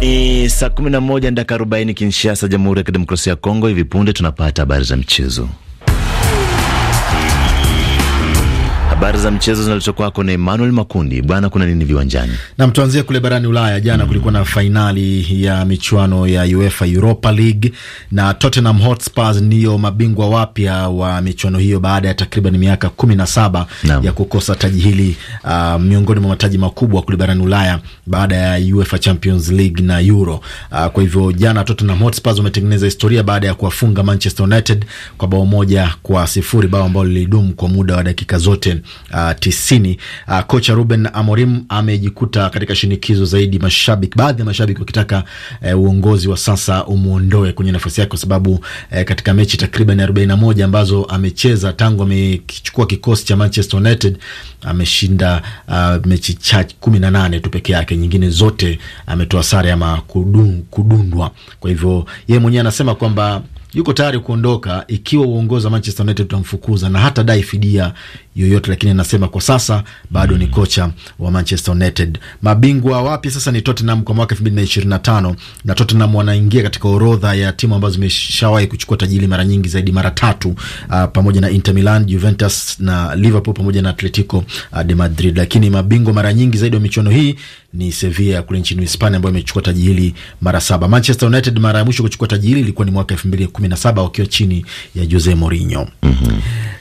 ni saa 11 na dakika 40 Kinshasa, Jamhuri ya Kidemokrasia ya Kongo. Hivi punde tunapata habari za mchezo. Habari za mchezo zinaletwa kwako na Emmanuel Makundi. Bwana, kuna nini viwanjani? Nam, tuanzie kule barani Ulaya. Jana mm, kulikuwa na fainali ya michuano ya UEFA Europa League na Tottenham Hotspur ndiyo mabingwa wapya wa michuano hiyo baada ya takriban miaka kumi na saba ya kukosa taji hili, uh, miongoni mwa mataji makubwa kule barani Ulaya baada ya UEFA Champions League na Euro. Uh, kwa hivyo jana Tottenham Hotspur wametengeneza historia baada ya kuwafunga Manchester United kwa bao moja kwa sifuri, bao ambalo lilidumu kwa muda wa dakika zote Uh, tisini. Uh, kocha Ruben Amorim amejikuta katika shinikizo zaidi, mashabiki, baadhi ya mashabiki wakitaka uh, uongozi wa sasa umwondoe kwenye nafasi yake, kwa sababu uh, katika mechi takriban arobaini na moja ambazo amecheza tangu amechukua kikosi cha Manchester United ameshinda uh, mechi chache kumi na nane tu peke yake, nyingine zote ametoa sare ama kudun, kudundwa. Kwa hivyo yeye mwenyewe anasema kwamba yuko tayari kuondoka ikiwa uongozi wa Manchester United utamfukuza na hata dai fidia yoyote, lakini anasema kwa sasa bado mm. ni kocha wa Manchester United. Mabingwa wapya sasa ni Tottenham kwa mwaka elfu mbili na ishirini na tano na Tottenham wanaingia katika orodha ya timu ambazo zimeshawahi kuchukua tajili mara nyingi zaidi, mara tatu, uh, pamoja na Inter Milan, Juventus na Liverpool pamoja na Atletico uh, de Madrid, lakini mabingwa mara nyingi zaidi wa michuano hii ni Sevilla ya kule nchini Hispania ambayo imechukua taji hili mara saba. Manchester United mara ya mwisho kuchukua taji hili ilikuwa ni mwaka elfu mbili kumi na saba wakiwa chini ya Jose Mourinho. mm -hmm.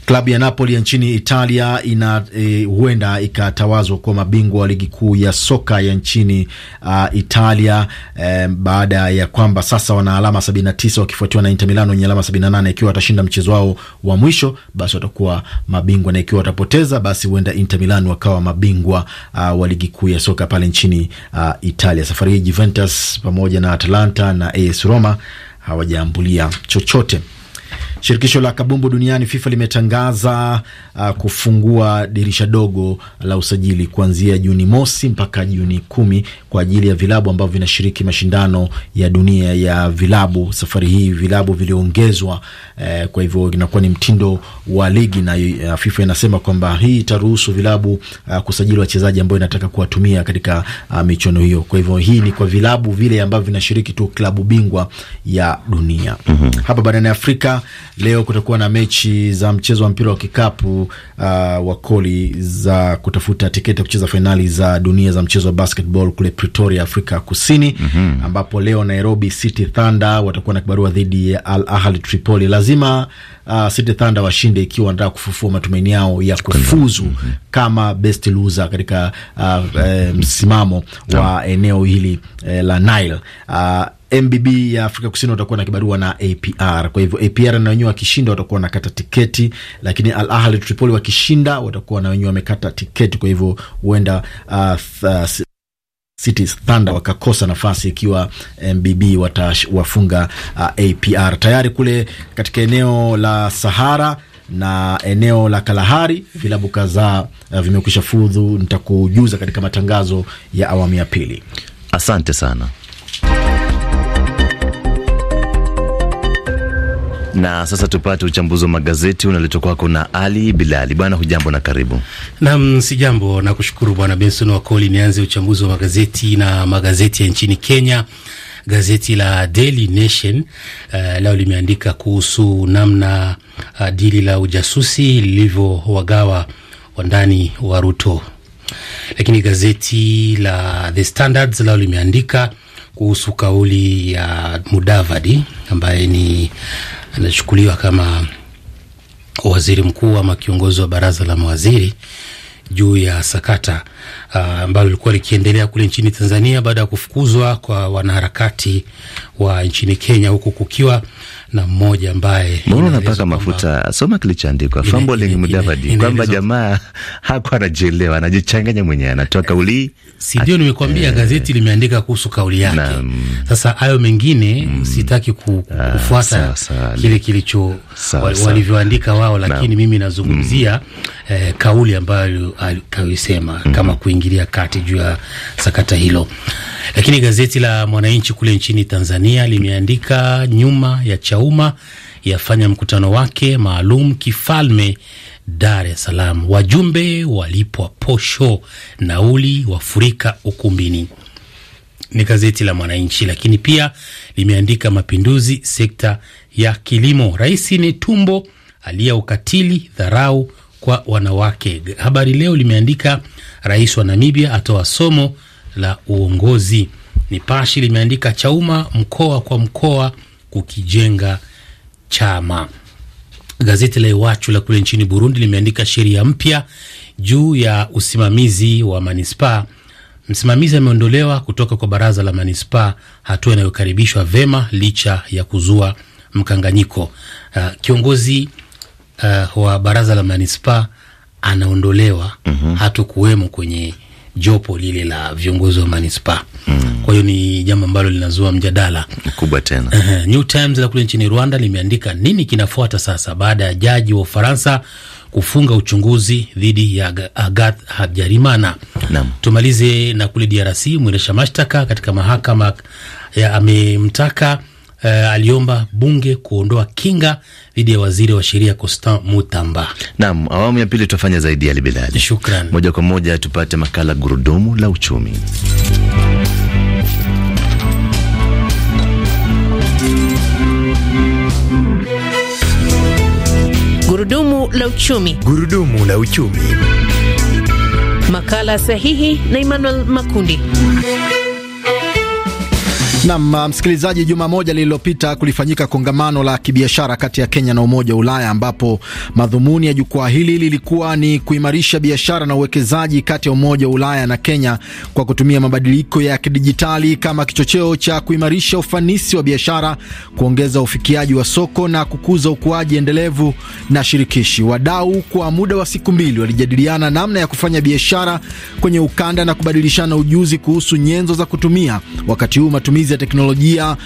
Klabu ya Napoli ya nchini Italia Italia ina e, huenda e, ikatawazwa kuwa mabingwa wa ligi kuu ya soka ya nchini uh, Italia e, baada ya kwamba sasa wana alama 79 wakifuatiwa na Inter Milano wenye alama 78. Ikiwa watashinda mchezo wao wa mwisho, basi watakuwa mabingwa, na ikiwa watapoteza, basi huenda Inter Milano wakawa mabingwa uh, wa ligi kuu ya soka pale nchini uh, Italia. Safari hii Juventus pamoja na Atalanta na AS Roma hawajaambulia chochote. Shirikisho la kabumbu duniani FIFA limetangaza uh, kufungua dirisha dogo la usajili kuanzia Juni mosi mpaka Juni kumi kwa ajili ya vilabu ambavyo vinashiriki mashindano ya dunia ya vilabu. Safari hii vilabu viliongezwa eh, kwa hivyo inakuwa ni mtindo wa ligi na uh, FIFA inasema kwamba hii itaruhusu vilabu uh, kusajili wachezaji ambao inataka kuwatumia katika uh, michuano hiyo. Kwa hivyo hii ni kwa vilabu vile ambavyo vinashiriki tu klabu bingwa ya dunia. mm -hmm. Hapa barani Afrika leo kutakuwa na mechi za mchezo wa mpira wa kikapu uh, wa koli za kutafuta tiketi ya kucheza fainali za dunia za mchezo wa basketball kule Pretoria, Afrika Kusini. mm -hmm. ambapo leo Nairobi City Thunder watakuwa na kibarua dhidi ya Al Ahly Tripoli. Lazima lazima uh, City Thunder washinde ikiwa wanataka kufufua matumaini yao ya kufuzu mm -hmm. kama best loser katika uh, eh, msimamo uh, um, no. wa eneo hili uh, la Nile uh, MBB ya Afrika Kusini watakuwa na kibarua na APR. Kwa hivyo APR na wenyewe wakishinda watakuwa wanakata tiketi, lakini Al Ahli Tripoli wakishinda watakuwa na wenyewe wamekata tiketi. Kwa hivyo huenda uh, uh City Thunder wakakosa nafasi ikiwa eh, MBB watawafunga uh, ah, APR tayari kule katika eneo la Sahara na eneo la Kalahari vilabu kadhaa uh, vimekwisha fudhu. Nitakujuza katika matangazo ya awamu ya pili. Asante sana. Na sasa tupate uchambuzi wa magazeti unaletwa kwako na Ali Bilali. Bwana hujambo na karibu. Naam, jambo na kushukuru Bwana Benson Wakoli. Nianze uchambuzi wa magazeti na magazeti ya nchini Kenya. Gazeti la Daily Nation uh, leo limeandika kuhusu namna uh, dili la ujasusi lilivyowagawa wandani wa Ruto, lakini gazeti la The Standards leo limeandika kuhusu kauli ya Mudavadi ambaye ni anachukuliwa kama waziri mkuu ama kiongozi wa baraza la mawaziri juu ya sakata ah, ambalo uh, lilikuwa likiendelea kule nchini Tanzania baada ya kufukuzwa kwa wanaharakati wa nchini Kenya, huku kukiwa na mmoja ambaye mbona unapaka mafuta? Soma kilichoandikwa fumbling Mudavadi, kwamba jamaa hakuwa anajielewa, anajichanganya mwenyewe, anatoa kauli. Si ndio nimekuambia, eh, gazeti limeandika kuhusu kauli yake. Sasa hayo mengine mm, sitaki ah, kufuata kile kilicho walivyoandika wao, lakini mimi nazungumzia mm. eh, kauli ambayo alisema mm-hmm. kama kuingilia kati juu ya sakata hilo. Lakini gazeti la Mwananchi kule nchini Tanzania limeandika nyuma ya Chauma yafanya mkutano wake maalum kifalme Dar es Salaam, wajumbe walipwa posho, nauli wafurika ukumbini. Ni gazeti la Mwananchi, lakini pia limeandika mapinduzi sekta ya kilimo, Rais tumbo aliya ukatili, dharau kwa wanawake. Habari Leo limeandika rais wa Namibia atoa somo la uongozi. nipashi limeandika Chauma mkoa kwa mkoa kukijenga chama. Gazeti la Iwachu la kule nchini Burundi limeandika sheria mpya juu ya usimamizi wa manispaa. Msimamizi ameondolewa kutoka kwa baraza la manispaa, hatua inayokaribishwa vema licha ya kuzua mkanganyiko. Uh, kiongozi uh, wa baraza la manispaa anaondolewa, mm -hmm. hatu kuwemo kwenye jopo lile la viongozi wa manispa mm. Kwa hiyo ni jambo ambalo linazua mjadala mkubwa tena. Uh, New Times la kule nchini Rwanda limeandika nini kinafuata sasa baada ya jaji wa Ufaransa kufunga uchunguzi dhidi ya Agathe Habyarimana. Tumalize na kule DRC, mwendesha mashtaka katika mahakama amemtaka, uh, aliomba bunge kuondoa kinga dhidi ya waziri wa sheria costan Mutamba. Naam, awamu ya pili tutafanya zaidi ya libilali Shukran. Moja kwa moja tupate makala gurudumu la uchumi. Gurudumu la uchumi. Gurudumu la uchumi. Makala sahihi na Emmanuel Makundi. Nam uh, msikilizaji, juma moja lililopita kulifanyika kongamano la kibiashara kati ya Kenya na Umoja wa Ulaya, ambapo madhumuni ya jukwaa hili lilikuwa ni kuimarisha biashara na uwekezaji kati ya Umoja wa Ulaya na Kenya kwa kutumia mabadiliko ya kidijitali kama kichocheo cha kuimarisha ufanisi wa biashara, kuongeza ufikiaji wa soko na kukuza ukuaji endelevu na shirikishi. Wadau kwa muda wa siku mbili walijadiliana namna ya kufanya biashara kwenye ukanda na kubadilishana ujuzi kuhusu nyenzo za kutumia, wakati huu matumizi matumizi ya teknolojia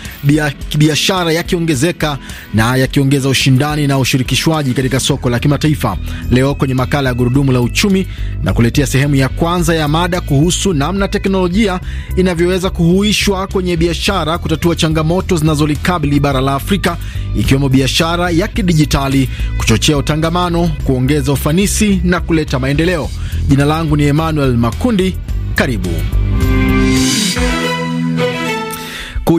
kibiashara yakiongezeka na yakiongeza ushindani na ushirikishwaji katika soko la kimataifa. Leo kwenye makala ya Gurudumu la Uchumi na kuletea sehemu ya kwanza ya mada kuhusu namna teknolojia inavyoweza kuhuishwa kwenye biashara kutatua changamoto zinazolikabili bara la Afrika, ikiwemo biashara ya kidijitali, kuchochea utangamano, kuongeza ufanisi na kuleta maendeleo. Jina langu ni Emmanuel Makundi. Karibu.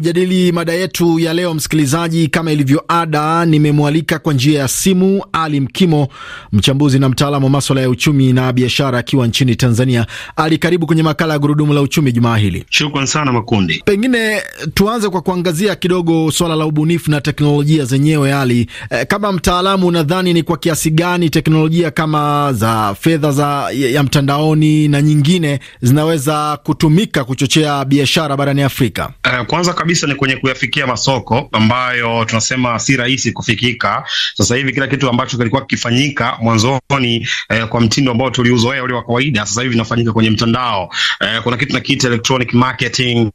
kujadili mada yetu ya leo, msikilizaji, kama ilivyo ada, nimemwalika kwa njia ya simu Ali Mkimo, mchambuzi na mtaalamu wa maswala ya uchumi na biashara, akiwa nchini Tanzania. Ali, karibu kwenye makala ya gurudumu la uchumi jumaa hili. Shukran sana Makundi. Pengine tuanze kwa kuangazia kidogo swala la ubunifu na teknolojia zenyewe. Ali, e, kama mtaalamu, unadhani ni kwa kiasi gani teknolojia kama za fedha za ya mtandaoni na nyingine zinaweza kutumika kuchochea biashara barani Afrika? Uh, kwanza kabisa kabisa ni kwenye kuyafikia masoko ambayo tunasema si rahisi kufikika. Sasa hivi kila kitu ambacho kilikuwa kikifanyika mwanzoni eh, kwa mtindo ambao tuliuzoea ule wa kawaida, sasa hivi vinafanyika kwenye mtandao. Eh, kuna kitu nakiita electronic marketing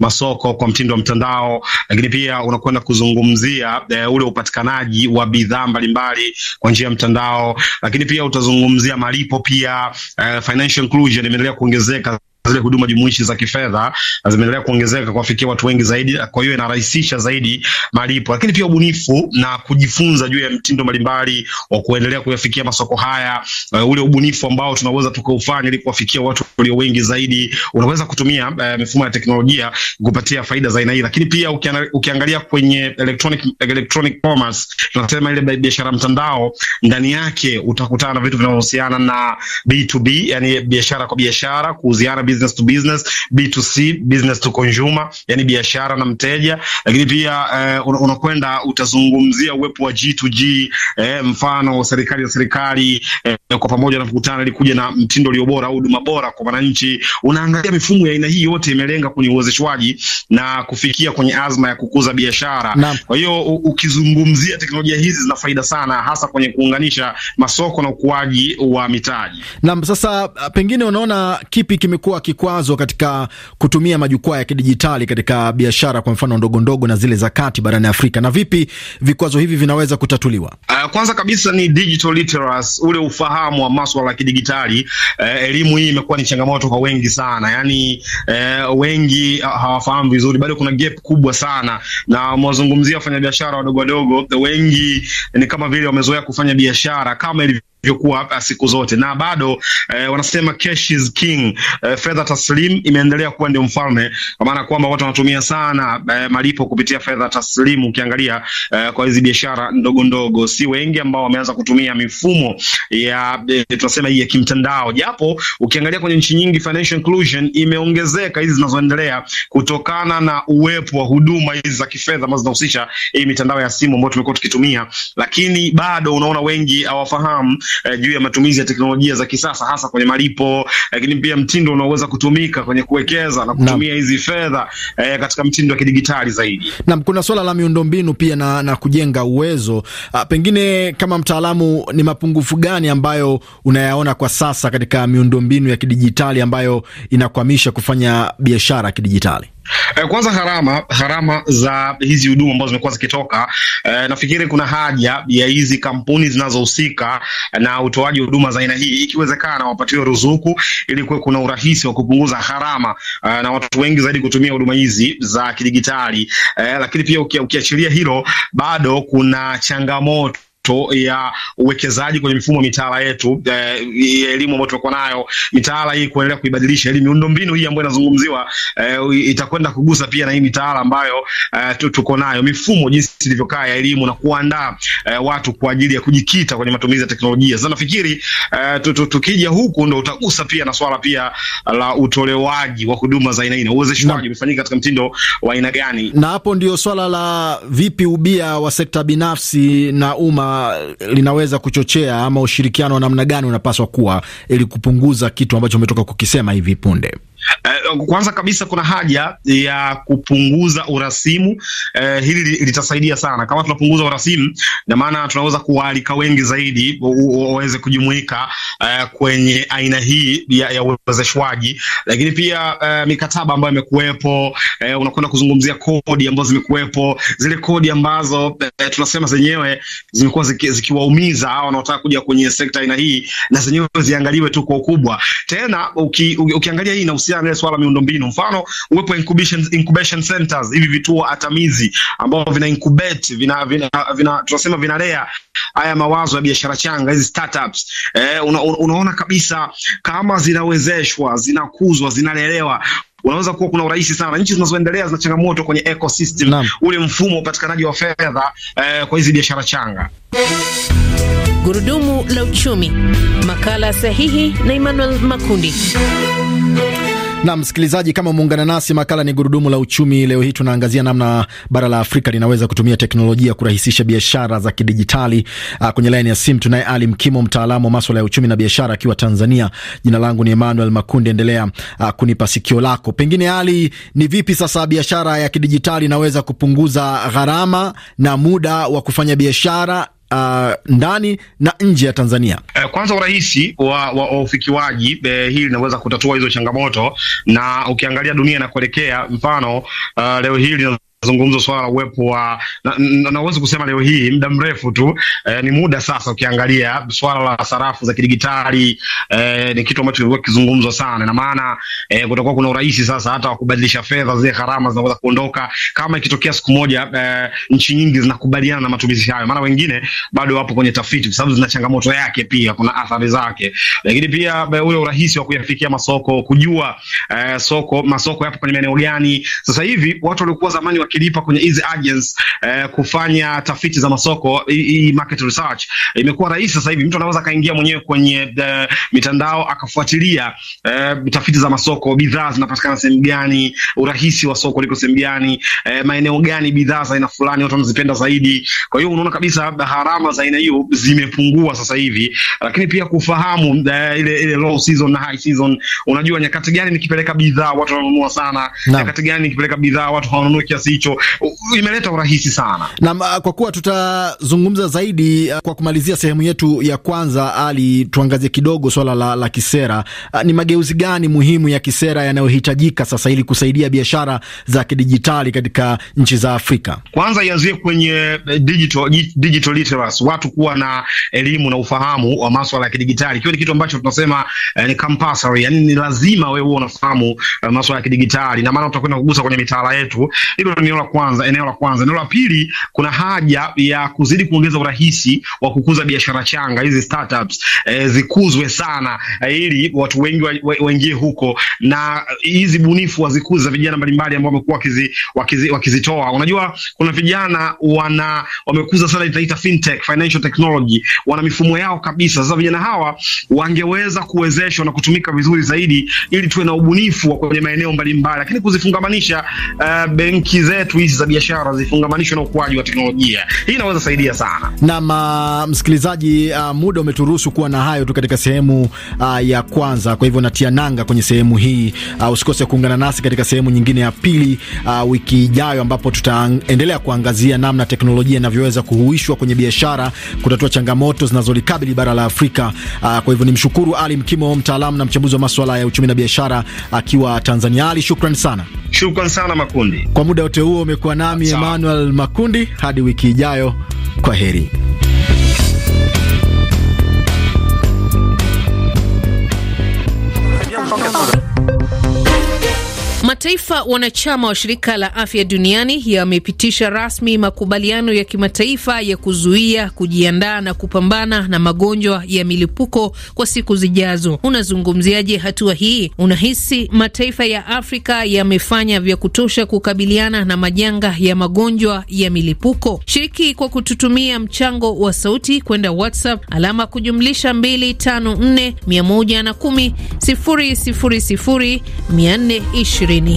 masoko kwa mtindo wa mtandao, lakini pia unakwenda kuzungumzia e, ule upatikanaji wa bidhaa mbalimbali kwa njia ya mtandao, lakini pia utazungumzia malipo pia. E, financial inclusion imeendelea kuongezeka zile huduma jumuishi za kifedha zimeendelea kuongezeka kuwafikia watu wengi zaidi, kwa hiyo inarahisisha zaidi malipo, lakini pia ubunifu na kujifunza juu ya mtindo mbalimbali wa kuendelea kuyafikia masoko haya. Uh, ule ubunifu ambao tunaweza tukaufanya ili kuwafikia watu walio wengi zaidi, unaweza kutumia uh, mifumo ya teknolojia kupatia faida za aina hii, lakini pia ukiangalia kwenye electronic, electronic commerce tunasema ile biashara mtandao, ndani yake utakutana na vitu vinavyohusiana na B2B, yani biashara kwa biashara, kuuziana business to business, B2C, business to consumer, yani biashara na mteja, lakini pia eh, unakwenda utazungumzia uwepo wa G2G eh, mfano serikali ya serikali eh, kwa pamoja na kukutana ili kuja na mtindo ulio bora au huduma bora kwa wananchi. Unaangalia mifumo ya aina hii yote imelenga kwenye uwezeshwaji na kufikia kwenye azma ya kukuza biashara. Kwa hiyo ukizungumzia teknolojia hizi zina faida sana, hasa kwenye kuunganisha masoko na ukuaji wa mitaji. Naam, sasa pengine unaona kipi kimekuwa kikwazo katika kutumia majukwaa ya kidijitali katika biashara kwa mfano ndogo ndogo na zile za kati barani Afrika, na vipi vikwazo hivi vinaweza kutatuliwa? Uh, kwanza kabisa ni digital literacy, ule ufahamu wa masuala ya kidijitali. Uh, elimu hii imekuwa ni changamoto kwa wengi sana, yani uh, eh, wengi ah, hawafahamu vizuri, bado kuna gap kubwa sana, na mwazungumzia wafanyabiashara wadogo wadogo, wengi ni kama vile wamezoea kufanya biashara kama ilivyo ilivyokuwa siku zote na bado eh, wanasema cash is king. Eh, fedha taslim imeendelea kuwa ndio mfalme, kwa maana kwamba watu wanatumia sana eh, malipo kupitia fedha taslimu. Ukiangalia eh, kwa hizi biashara ndogo ndogo, si wengi ambao wameanza kutumia mifumo ya eh, tunasema hii ya kimtandao, japo ukiangalia kwenye nchi nyingi financial inclusion imeongezeka hizi zinazoendelea kutokana na uwepo wa huduma hizi za kifedha ambazo zinahusisha hii mitandao ya simu ambayo tumekuwa tukitumia, lakini bado unaona wengi hawafahamu eh, juu ya matumizi ya teknolojia za kisasa hasa kwenye malipo, lakini pia mtindo unaoweza kutumika kwenye kuwekeza na kutumia hizi fedha eh, katika mtindo wa kidigitali zaidi. Naam, kuna swala la miundombinu pia na, na kujenga uwezo. A, ah, pengine kama mtaalamu, ni mapungufu gani ambayo unayaona kwa sasa katika miundombinu ya kidijitali ambayo inakwamisha kufanya biashara kidijitali? Eh, kwanza gharama gharama za hizi huduma ambazo zimekuwa zikitoka, eh, nafikiri kuna haja ya hizi kampuni zinazohusika eh, na utoaji huduma za aina hii, ikiwezekana wapatiwe ruzuku ili kuwe kuna urahisi wa kupunguza gharama eh, na watu wengi zaidi kutumia huduma hizi za kidigitali eh, lakini pia ukiachilia hilo bado kuna changamoto to ya uwekezaji kwenye mifumo mitaala yetu eh, ya eh, elimu ambayo tunakuwa nayo mitaala hii, kuendelea kuibadilisha elimu, miundombinu hii ambayo inazungumziwa eh, itakwenda kugusa pia na hii mitaala ambayo eh, tuko nayo, mifumo jinsi ilivyokaa ya elimu na kuandaa eh, watu kwa ajili ya kujikita kwenye matumizi ya teknolojia. Sasa nafikiri eh, tukija huku ndo utagusa pia na swala pia la utolewaji wa huduma za aina aina, uwezeshwaji umefanyika katika mtindo wa aina gani, na hapo ndio swala la vipi ubia wa sekta binafsi na umma linaweza kuchochea ama ushirikiano wa namna gani unapaswa kuwa ili kupunguza kitu ambacho umetoka kukisema hivi punde? Uh, kwanza kabisa kuna haja ya kupunguza urasimu. Uh, hili litasaidia sana kama tunapunguza urasimu, na maana tunaweza kuwaalika wengi zaidi waweze kujumuika uh, kwenye aina hii ya, ya uwezeshwaji. Lakini pia uh, mikataba ambayo imekuwepo, uh, unakwenda kuzungumzia kodi ambazo zimekuwepo, zile kodi ambazo uh, tunasema zenyewe zimekuwa zikiwaumiza ziki wanaotaka kuja kwenye sekta aina hii, na zenyewe ziangaliwe tu kwa ukubwa. Tena uki, uki, ukiangalia hii inahusiana kuhusiana na swala miundombinu, mfano uwepo incubation, incubation centers, hivi vituo atamizi ambao vina incubate vina, vina, vina tunasema vinalea haya mawazo ya biashara changa hizi startups eh, una, unaona kabisa kama zinawezeshwa, zinakuzwa, zinalelewa unaweza kuwa kuna urahisi sana. Nchi zinazoendelea zina changamoto kwenye ecosystem Nam. ule mfumo wa upatikanaji wa fedha eh, kwa hizi biashara changa. Gurudumu la uchumi, makala sahihi na Emmanuel Makundi. Na msikilizaji, kama umeungana nasi, makala ni gurudumu la uchumi. Leo hii tunaangazia namna bara la Afrika linaweza kutumia teknolojia kurahisisha biashara za kidijitali. Ah, kwenye laini ya simu tunaye Ali Mkimo, mtaalamu wa maswala ya uchumi na biashara, akiwa Tanzania. Jina langu ni Emmanuel Makundi, endelea ah, kunipa sikio lako. Pengine Ali, ni vipi sasa biashara ya kidijitali inaweza kupunguza gharama na muda wa kufanya biashara Uh, ndani na nje ya Tanzania. Eh, kwanza urahisi wa, wa ufikiwaji eh, hili linaweza kutatua hizo changamoto, na ukiangalia dunia inakuelekea, mfano uh, leo hili mazungumzo swala la uwepo wa na, na, naweza kusema leo hii muda mrefu tu eh, ni muda sasa. Ukiangalia swala la sarafu za kidigitali eh, ni kitu ambacho kilikuwa kizungumzwa sana, na maana eh, kutakuwa kuna urahisi sasa hata wa kubadilisha fedha, zile gharama zinaweza kuondoka. Kama ikitokea siku moja eh, nchi nyingi zinakubaliana na matumizi hayo, maana wengine bado wapo kwenye tafiti, kwa sababu zina changamoto yake, pia kuna athari zake, lakini pia eh, ule urahisi wa kuyafikia masoko, kujua eh, soko masoko yapo kwenye maeneo gani sasa hivi. Watu walikuwa zamani wa kilipa kwenye hizi agents eh, kufanya tafiti za masoko hii market research imekuwa rahisi sasa hivi. Mtu anaweza akaingia mwenyewe kwenye the, eh, mitandao akafuatilia eh, tafiti za masoko, bidhaa zinapatikana sehemu gani, urahisi wa soko liko sehemu gani, eh, maeneo gani bidhaa za aina fulani watu wanazipenda zaidi. Kwa hiyo unaona kabisa gharama za aina hiyo zimepungua sasa hivi, lakini pia kufahamu uh, ile ile low season na high season. Unajua nyakati gani nikipeleka bidhaa watu wanunua sana, nyakati gani nikipeleka bidhaa watu hawanunui kiasi hicho imeleta urahisi sana. Na ah, kwa kuwa tutazungumza zaidi ah, kwa kumalizia sehemu yetu ya kwanza, Ali, tuangazie kidogo swala la, la kisera. Ah, ni mageuzi gani muhimu ya kisera yanayohitajika sasa ili kusaidia biashara za kidijitali katika nchi za Afrika? Kwanza ianzie kwenye eh, digital, digital literacy, watu kuwa na elimu na ufahamu wa maswala ya kidijitali, ikiwa ni kitu ambacho tunasema eh, ni compulsory, yani ni lazima wewe uwe unafahamu eh, maswala ya kidijitali, na maana utakwenda kugusa kwenye mitaala yetu hilo ni eneo la kwanza, eneo la kwanza. Eneo la pili, kuna haja ya kuzidi kuongeza urahisi wa kukuza biashara changa hizi startups, eh, zikuzwe sana eh, ili watu wengi waingie wa, wa huko na eh, hizi bunifu wazikuza vijana mbalimbali ambao wamekuwa wakizi, wakizi, Unajua kuna vijana wana wamekuza sana itaita fintech, financial technology, wana mifumo yao kabisa. Sasa vijana hawa wangeweza kuwezeshwa na kutumika vizuri zaidi ili tuwe na ubunifu wa kwenye maeneo mbalimbali, lakini kuzifungamanisha uh, benki zetu zetu hizi za biashara zifungamanishwe na ukuaji wa teknolojia. Hii inaweza saidia sana. Naam, ah, msikilizaji, uh, muda umeturuhusu kuwa na hayo tu katika sehemu uh, ya kwanza. Kwa hivyo natia nanga kwenye sehemu hii. Uh, usikose kuungana nasi katika sehemu nyingine ya pili uh, wiki ijayo, ambapo tutaendelea kuangazia namna teknolojia inavyoweza kuhuishwa kwenye biashara kutatua changamoto zinazolikabili bara la Afrika. Uh, kwa hivyo nimshukuru Ali Mkimo, mtaalamu na mchambuzi wa masuala ya uchumi na biashara akiwa Tanzania. Ali, shukrani sana. Shukran sana Makundi. Kwa muda wote huo umekuwa nami Emmanuel Makundi, hadi wiki ijayo, kwa heri. Mataifa wanachama wa shirika la afya duniani yamepitisha rasmi makubaliano ya kimataifa ya kuzuia, kujiandaa na kupambana na magonjwa ya milipuko kwa siku zijazo. Unazungumziaje hatua hii? Unahisi mataifa ya Afrika yamefanya vya kutosha kukabiliana na majanga ya magonjwa ya milipuko? Shiriki kwa kututumia mchango wa sauti kwenda WhatsApp alama kujumlisha 254 110 000 420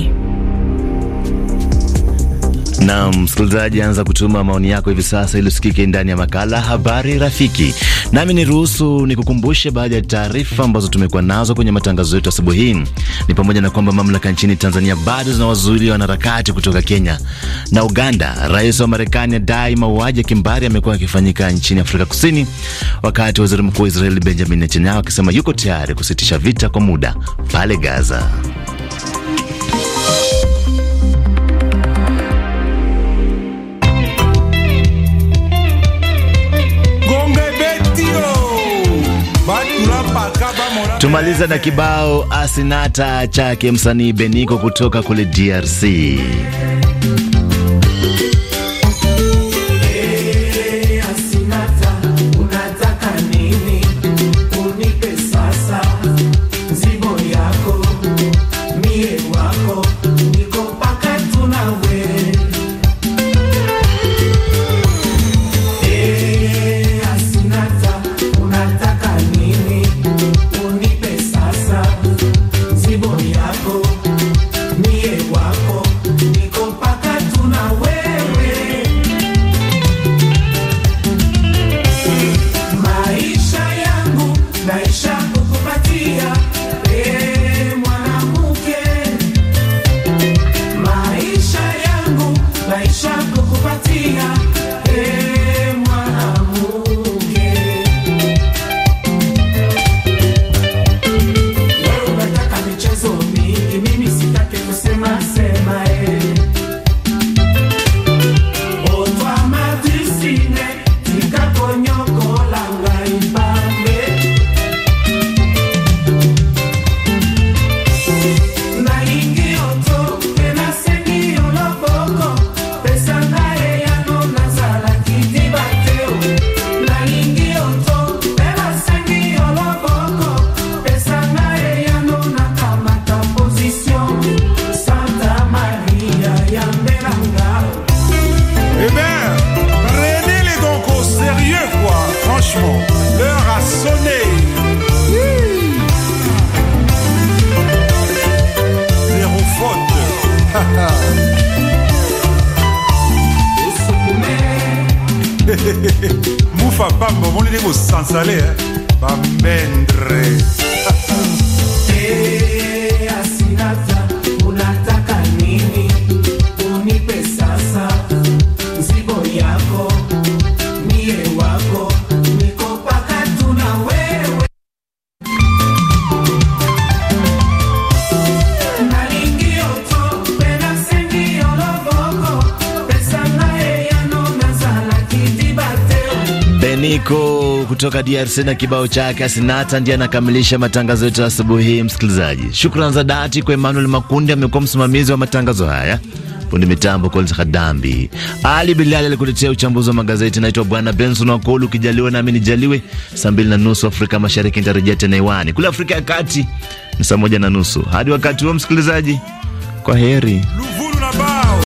nam Na msikilizaji, anza kutuma maoni yako hivi sasa ili usikike ndani ya makala Habari Rafiki. Nami niruhusu nikukumbushe baadhi ya taarifa ambazo tumekuwa nazo kwenye matangazo yetu asubuhi hii. Ni pamoja na kwamba mamlaka nchini Tanzania bado zinawazuilia wanaharakati kutoka Kenya na Uganda. Rais wa Marekani adai mauaji ya kimbari yamekuwa yakifanyika nchini Afrika Kusini, wakati waziri mkuu wa Israeli Benjamin Netanyahu akisema yuko tayari kusitisha vita kwa muda pale Gaza. Tumaliza na kibao asinata chake msanii Beniko kutoka kule DRC. bakoki kosansale bamendre eh? eh, asinata unataka nini unipe sasa Nico kutoka DRC na kibao chake asinata ndiye anakamilisha matangazo yetu asubuhi. Msikilizaji, shukrani za dhati kwa Emmanuel Makundi, amekuwa msimamizi wa matangazo haya. Fundi mitambo Colins Kadambi, Ali Bilali alikuletea uchambuzi wa magazeti. Naitwa Bwana Benson Wakolu, ukijaliwa nami nijaliwe. Saa mbili na nusu Afrika Mashariki nitarejea tena iwani Kule Afrika ya Kati ni saa moja na nusu. Hadi wakati huo, msikilizaji, kwa heri.